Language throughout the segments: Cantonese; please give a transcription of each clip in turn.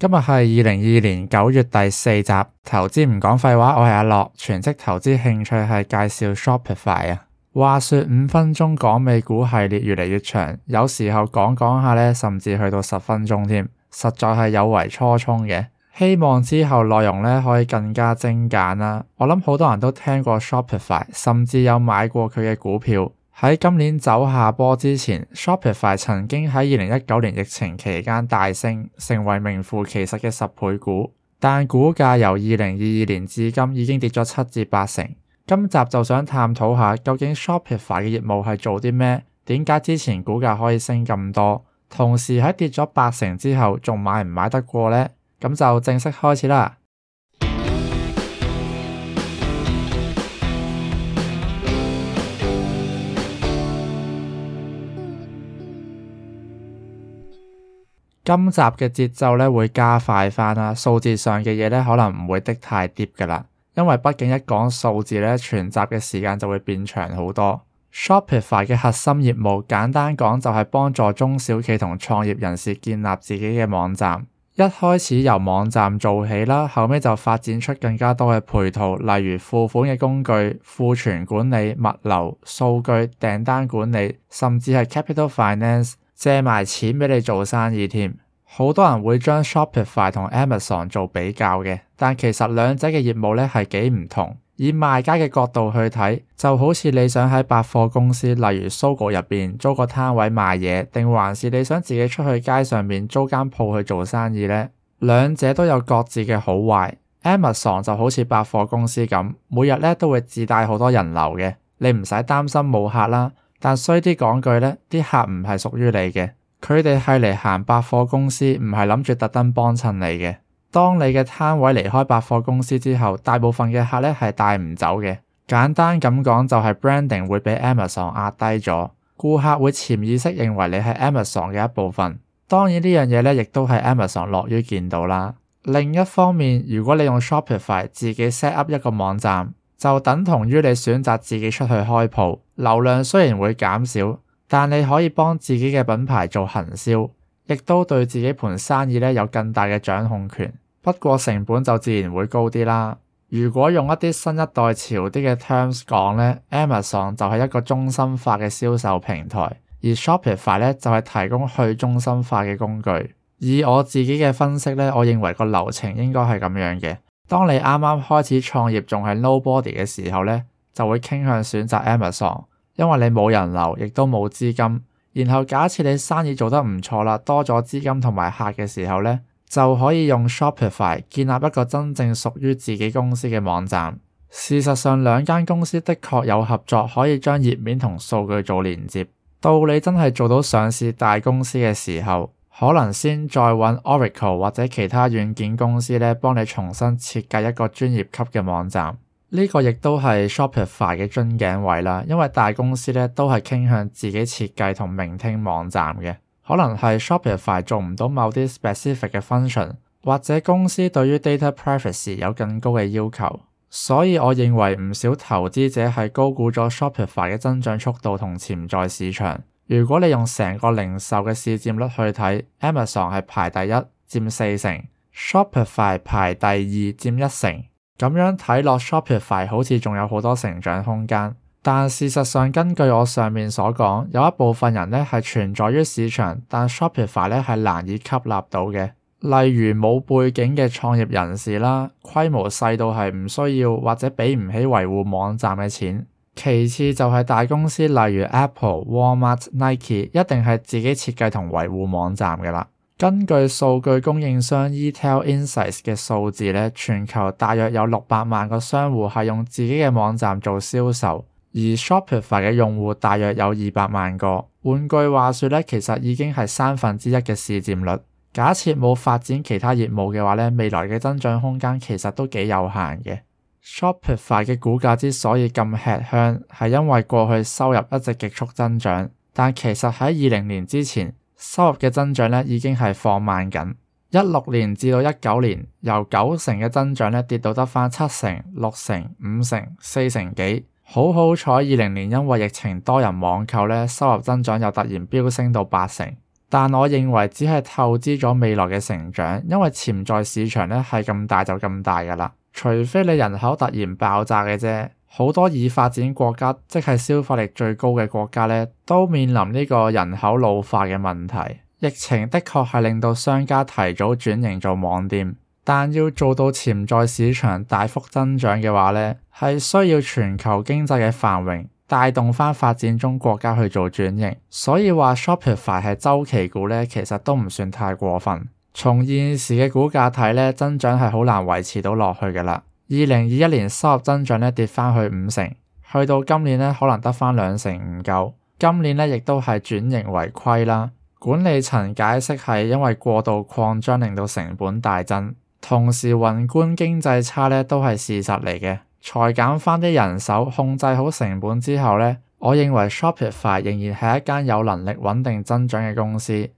今日係二零二二年九月第四集，投資唔講廢話，我係阿樂，全職投資興趣係介紹 Shopify 啊。話說五分鐘講美股系列越嚟越長，有時候講講下呢，甚至去到十分鐘添，實在係有違初衷嘅。希望之後內容呢可以更加精簡啦。我諗好多人都聽過 Shopify，甚至有買過佢嘅股票。喺今年走下坡之前，Shopify 曾經喺二零一九年疫情期間大升，成為名副其實嘅十倍股。但股價由二零二二年至今已經跌咗七至八成。今集就想探討下，究竟 Shopify 嘅業務係做啲咩？點解之前股價可以升咁多？同時喺跌咗八成之後，仲買唔買得過呢？咁就正式開始啦。今集嘅節奏咧會加快翻啦，數字上嘅嘢咧可能唔會太的太跌噶啦，因為畢竟一講數字咧，全集嘅時間就會變長好多。Shopify 嘅核心業務簡單講就係幫助中小企同創業人士建立自己嘅網站，一開始由網站做起啦，後尾就發展出更加多嘅配套，例如付款嘅工具、庫存管理、物流、數據、訂單管理，甚至係 capital finance。借埋錢畀你做生意添，好多人會將 Shopify 同 Amazon 做比較嘅，但其實兩者嘅業務咧係幾唔同。以賣家嘅角度去睇，就好似你想喺百貨公司，例如 Sogo 入邊租個攤位賣嘢，定還是你想自己出去街上面租間鋪去做生意咧？兩者都有各自嘅好壞。Amazon 就好似百貨公司咁，每日咧都會自帶好多人流嘅，你唔使擔心冇客啦。但衰啲講句咧，啲客唔係屬於你嘅，佢哋係嚟行百貨公司，唔係諗住特登幫襯你嘅。當你嘅攤位離開百貨公司之後，大部分嘅客咧係帶唔走嘅。簡單咁講，就係 branding 會俾 Amazon 壓低咗，顧客會潛意識認為你係 Amazon 嘅一部分。當然呢樣嘢咧，亦都係 Amazon 樂於見到啦。另一方面，如果你用 Shopify 自己 set up 一個網站。就等同於你選擇自己出去開鋪，流量雖然會減少，但你可以幫自己嘅品牌做行銷，亦都對自己盤生意咧有更大嘅掌控權。不過成本就自然會高啲啦。如果用一啲新一代潮啲嘅 terms 講咧，Amazon 就係一個中心化嘅銷售平台，而 Shopify 咧就係提供去中心化嘅工具。以我自己嘅分析咧，我認為個流程應該係咁樣嘅。當你啱啱開始創業仲係 nobody 嘅時候咧，就會傾向選擇 Amazon，因為你冇人流，亦都冇資金。然後假設你生意做得唔錯啦，多咗資金同埋客嘅時候咧，就可以用 Shopify 建立一個真正屬於自己公司嘅網站。事實上，兩間公司的確有合作，可以將頁面同數據做連接。到你真係做到上市大公司嘅時候，可能先再揾 Oracle 或者其他軟件公司咧，幫你重新設計一個專業級嘅網站。呢個亦都係 Shopify 嘅樽頸位啦，因為大公司咧都係傾向自己設計同聆聽網站嘅。可能係 Shopify 做唔到某啲 specific 嘅 function，或者公司對於 data privacy 有更高嘅要求。所以我認為唔少投資者係高估咗 Shopify 嘅增長速度同潛在市場。如果你用成個零售嘅市佔率去睇，Amazon 係排第一，佔四成，Shopify 排第二，佔一成。咁樣睇落，Shopify 好似仲有好多成長空間。但事實上，根據我上面所講，有一部分人呢係存在於市場，但 Shopify 呢係難以吸納到嘅，例如冇背景嘅創業人士啦，規模細到係唔需要或者俾唔起維護網站嘅錢。其次就係大公司，例如 Apple、Walmart、Nike，一定係自己設計同維護網站嘅啦。根據數據供應商 eTail Insights 嘅數字呢，全球大約有六百萬個商戶係用自己嘅網站做銷售，而 Shopify 嘅用戶大約有二百萬個。換句話說呢，其實已經係三分之一嘅市佔率。假設冇發展其他業務嘅話呢，未來嘅增長空間其實都幾有限嘅。Shopify 嘅股價之所以咁吃香，係因為過去收入一直極速增長，但其實喺二零年之前，收入嘅增長呢已經係放慢緊。一六年至到一九年，由九成嘅增長呢跌到得返七成、六成、五成、四成幾。好好彩，二零年因為疫情多人網購呢，收入增長又突然飆升到八成。但我認為只係透支咗未來嘅成長，因為潛在市場呢係咁大就咁大㗎喇。除非你人口突然爆炸嘅啫，好多已發展國家，即係消費力最高嘅國家咧，都面臨呢個人口老化嘅問題。疫情的確係令到商家提早轉型做網店，但要做到潛在市場大幅增長嘅話咧，係需要全球經濟嘅繁榮帶動翻發展中國家去做轉型。所以話 Shopify 係周期股咧，其實都唔算太過分。從現時嘅股價睇咧，增長係好難維持到落去㗎啦。二零二一年收入增長咧跌翻去五成，去到今年咧可能得翻兩成唔夠。今年咧亦都係轉型為虧啦。管理層解釋係因為過度擴張令到成本大增，同時宏觀經濟差咧都係事實嚟嘅。裁減翻啲人手，控制好成本之後咧，我認為 Shopify 仍然係一間有能力穩定增長嘅公司。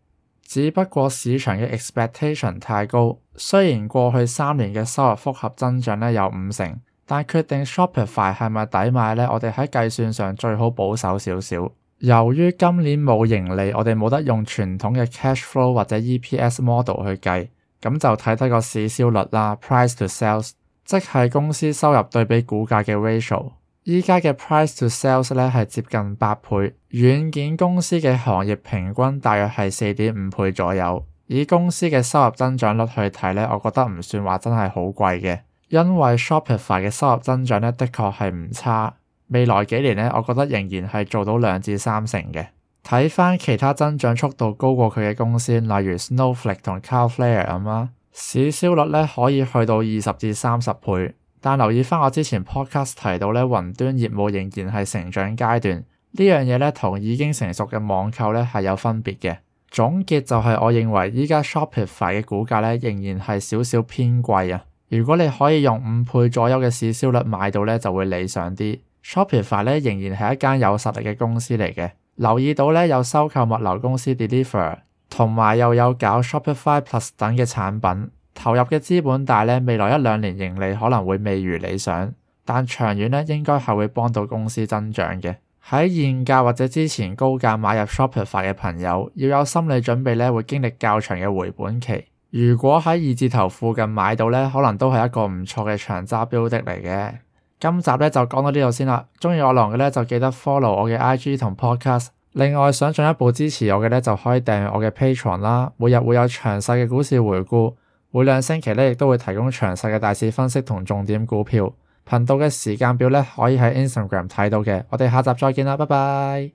只不過市場嘅 expectation 太高，雖然過去三年嘅收入複合增長呢有五成，但決定 Shopify 係咪抵買呢？我哋喺計算上最好保守少少。由於今年冇盈利，我哋冇得用傳統嘅 cash flow 或者 EPS model 去計，咁就睇睇個市銷率啦，Price to sales，即係公司收入對比股價嘅 ratio。而家嘅 price to sales 咧係接近八倍，軟件公司嘅行業平均大約係四點五倍左右。以公司嘅收入增長率去睇咧，我覺得唔算話真係好貴嘅，因為 Shopify 嘅收入增長咧的確係唔差。未來幾年咧，我覺得仍然係做到兩至三成嘅。睇翻其他增長速度高過佢嘅公司，例如 Snowflake 同 Cloudflare、嗯、咁啦，市銷率咧可以去到二十至三十倍。但留意翻我之前 podcast 提到咧，雲端業務仍然係成長階段，呢樣嘢咧同已經成熟嘅網購咧係有分別嘅。總結就係，我認為依家 Shopify 嘅股價咧仍然係少少偏貴啊。如果你可以用五倍左右嘅市銷率買到咧，就會理想啲。Shopify 咧仍然係一間有實力嘅公司嚟嘅。留意到咧有收購物流公司 Deliver，同埋又有搞 Shopify Plus 等嘅產品。投入嘅資本大咧，未來一兩年盈利可能會未如理想，但長遠咧應該係會幫到公司增長嘅。喺現價或者之前高價買入 Shopify 嘅朋友，要有心理準備咧，會經歷較長嘅回本期。如果喺二字頭附近買到咧，可能都係一個唔錯嘅長揸標的嚟嘅。今集咧就講到呢度先啦。中意我郎嘅咧就記得 follow 我嘅 I G 同 Podcast。另外想進一步支持我嘅咧就可以訂閱我嘅 Patreon 啦，每日會有詳細嘅股市回顧。每兩星期咧，亦都會提供詳細嘅大市分析同重點股票。頻道嘅時間表咧，可以喺 Instagram 睇到嘅。我哋下集再見啦，拜拜。